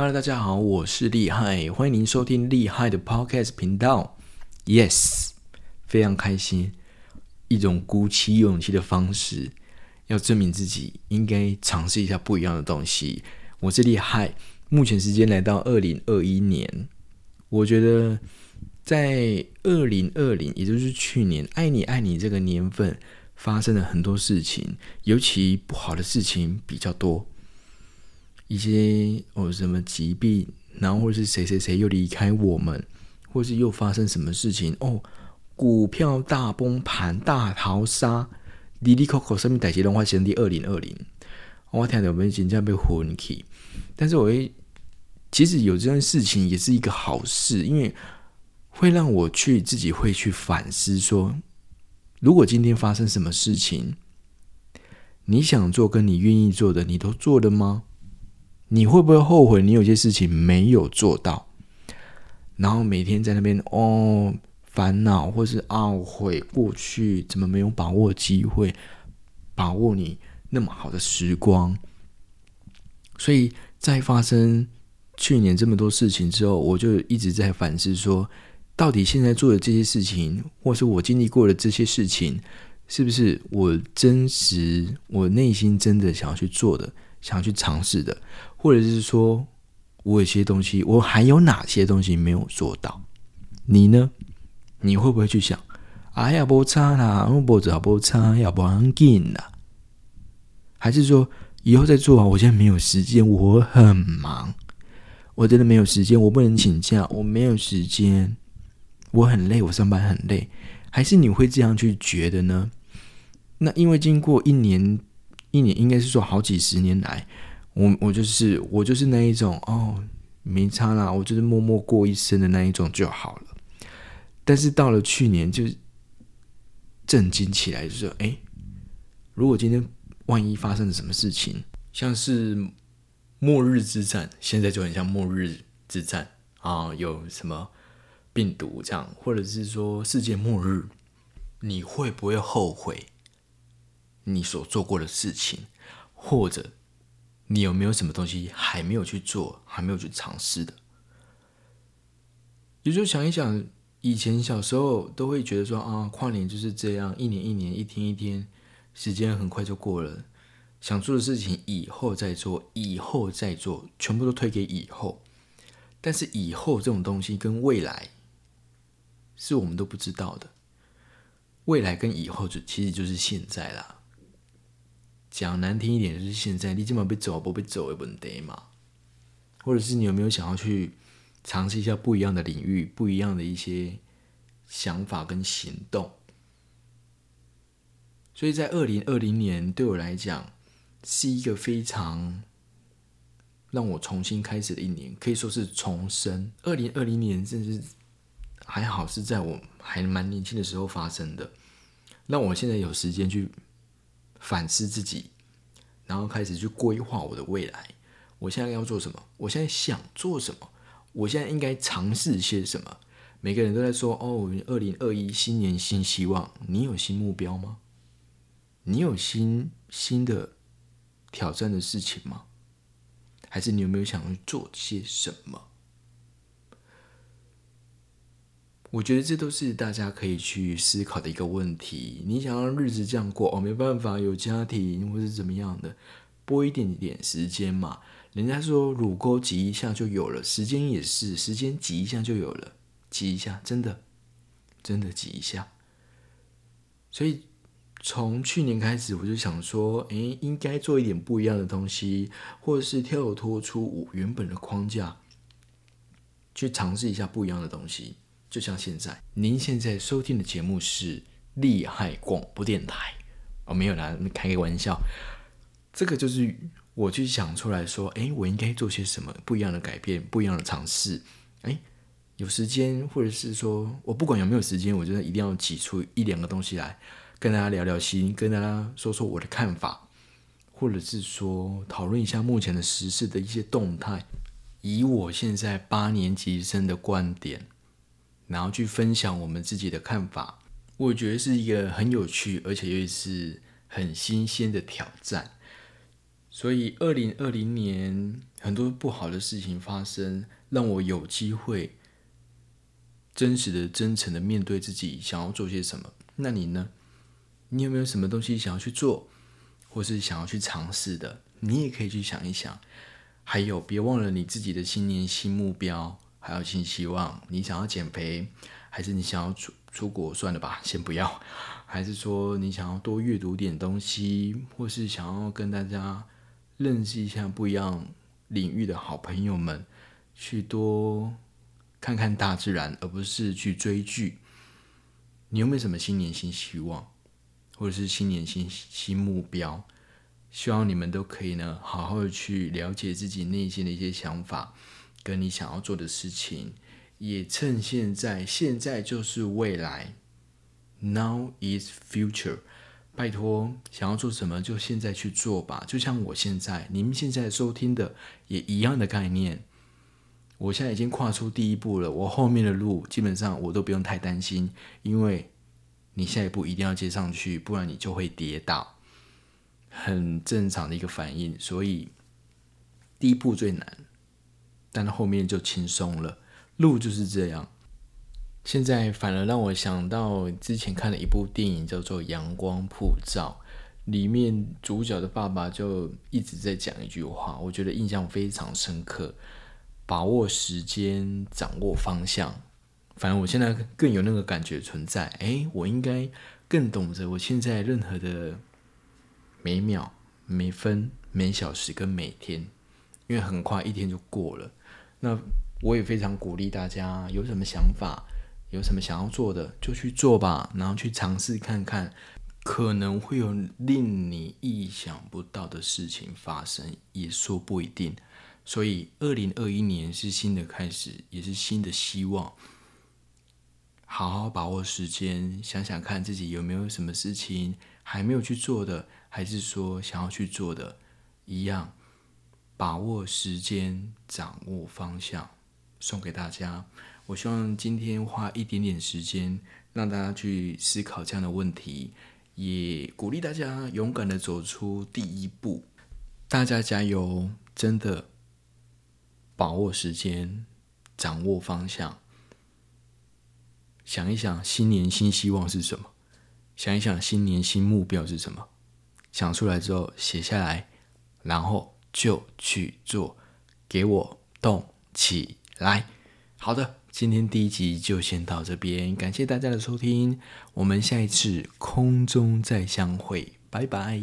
Hello，大家好，我是厲害，歡迎您收聽厲害的 Podcast 頻道。Yes，非常開心。一種鼓起勇氣的方式，要證明自己，應該嘗試一下不一樣的東西。我是厲害。目前時間來到二零二一年，我覺得在二零二零，也就是去年“愛你愛你”這個年份，發生了很多事情，尤其不好的事情比較多。一些哦，什麼疾病，然後或者是誰誰誰又離開我們，或是又發生什麼事情哦？股票大崩盤、大逃殺，滴滴可可生命台戲，龍華兄第二零二零，我聽到我們真正被混起。但是，我會，其實有這件事情也是一個好事，因為會讓我去自己會去反思說，如果今天發生什麼事情，你想做跟你願意做的，你都做了嗎？你會不會後悔？你有些事情沒有做到，然後每天在那邊哦煩惱，或是懊悔過去怎麼沒有把握機會，把握你那麼好的時光。所以在發生去年這麼多事情之後，我就一直在反思說，到底現在做的這些事情，或是我經歷過的這些事情，是不是我真實、我內心真的想要去做的？想去嘗試的，或者是說我有些東西，我還有哪些東西沒有做到？你呢？你會不會去想？哎、啊、呀，不差啦，不找不差，要不安靜啦？還是說以後再做啊？我現在沒有時間，我很忙，我真的沒有時間，我不能請假，我沒有時間，我很累，我上班很累，還是你會這樣去覺得呢？那因為經過一年。一年應該是說好幾十年來，我我就是我就是那一種哦，沒差啦，我就是默默過一生的那一種就好了。但是到了去年，就震驚起來、就是，就說：哎，如果今天萬一發生了什麼事情，像是末日之戰，現在就很像末日之戰啊、哦，有什麼病毒這樣，或者是說世界末日，你會不會後悔？你所做過的事情，或者你有沒有什麼東西還沒有去做、還沒有去嘗試的？也就想一想，以前小時候都會覺得說啊，跨年就是這樣，一年一年，一天一天，時間很快就過了。想做的事情以後再做，以後再做，全部都推給以後。但是以後這種東西跟未來，是我們都不知道的。未來跟以後，就其實就是現在啦。講難聽一點，就是現在你怎麼被走不被走也不能得嘛。或者是你有沒有想要去嘗試一下不一樣的領域、不一樣的一些想法跟行動？所以在二零二零年，對我來講是一個非常讓我重新開始的一年，可以說是重生。二零二零年，甚至還好是在我還蠻年輕的時候發生的，讓我現在有時間去。反思自己，然後開始去規劃我的未來。我現在要做什麼？我現在想做什麼？我現在應該嘗試些什麼？每個人都在說：“哦，我們二零二一新年新希望。”你有新目標嗎？你有新新的挑戰的事情嗎？還是你有沒有想要做些什麼？我覺得這都是大家可以去思考的一個問題。你想要日子這樣過哦，沒辦法，有家庭或是怎麼樣的，撥一點點時間嘛。人家說乳溝擠一下就有了，時間也是，時間擠一下就有了，擠一下，真的，真的擠一下。所以從去年開始，我就想說，哎，應該做一點不一樣的東西，或者是跳脫出我原本的框架，去嘗試一下不一樣的東西。就像現在，您現在收聽的節目是厲害廣播電台我、哦、沒有啦，開個玩笑。這個就是我去想出來說，誒，我應該做些什麼不一樣的改變，不一樣的嘗試。誒，有時間，或者是說我不管有沒有時間，我真的一定要擠出一兩個東西來，跟大家聊聊心，跟大家說說我的看法，或者是說討論一下目前的時事的一些動態，以我現在八年級生的觀點。然後去分享我們自己的看法，我覺得是一個很有趣，而且又是很新鮮的挑戰。所以2020，二零二零年很多不好的事情發生，讓我有機會真實的、真誠的面對自己，想要做些什麼。那你呢？你有沒有什麼東西想要去做，或是想要去嘗試的？你也可以去想一想。還有，別忘了你自己的新年新目標。還有新希望，你想要減肥，還是你想要出出國？算了吧，先不要。還是說你想要多閱讀點東西，或是想要跟大家認識一下不一樣領域的好朋友們，去多看看大自然，而不是去追劇。你有沒有什麼新年新希望，或者是新年新新目標？希望你們都可以呢，好好的去了解自己內心的一些想法。跟你想要做的事情，也趁現在，現在就是未來。Now is future。拜託，想要做什麼就現在去做吧。就像我現在，你們現在收聽的也一樣的概念。我現在已經跨出第一步了，我後面的路基本上我都不用太擔心，因為你下一步一定要接上去，不然你就會跌倒，很正常的一個反應。所以，第一步最難。但後面就輕鬆了，路就是這樣。現在反而讓我想到之前看了一部電影，叫做《陽光普照》，裡面主角的爸爸就一直在講一句話，我覺得印象非常深刻：把握時間，掌握方向。反正我現在更有那個感覺存在。誒，我應該更懂得我現在任何的每秒、每分、每小時跟每天，因為很快一天就過了。那我也非常鼓勵大家，有什麼想法，有什麼想要做的，就去做吧，然後去嘗試看看，可能會有令你意想不到的事情發生，也說不一定。所以，二零二一年是新的開始，也是新的希望。好好把握時間，想想看自己有沒有什麼事情還沒有去做的，還是說想要去做的一樣。把握時間，掌握方向，送給大家。我希望今天花一點點時間，讓大家去思考這樣的問題，也鼓勵大家勇敢地走出第一步。大家加油！真的，把握時間，掌握方向。想一想，新年新希望是什麼？想一想，新年新目標是什麼？想出來之後寫下來，然後。就去做，給我動起來。好的，今天第一集就先到這邊，感謝大家的收聽，我們下一次空中再相會，拜拜。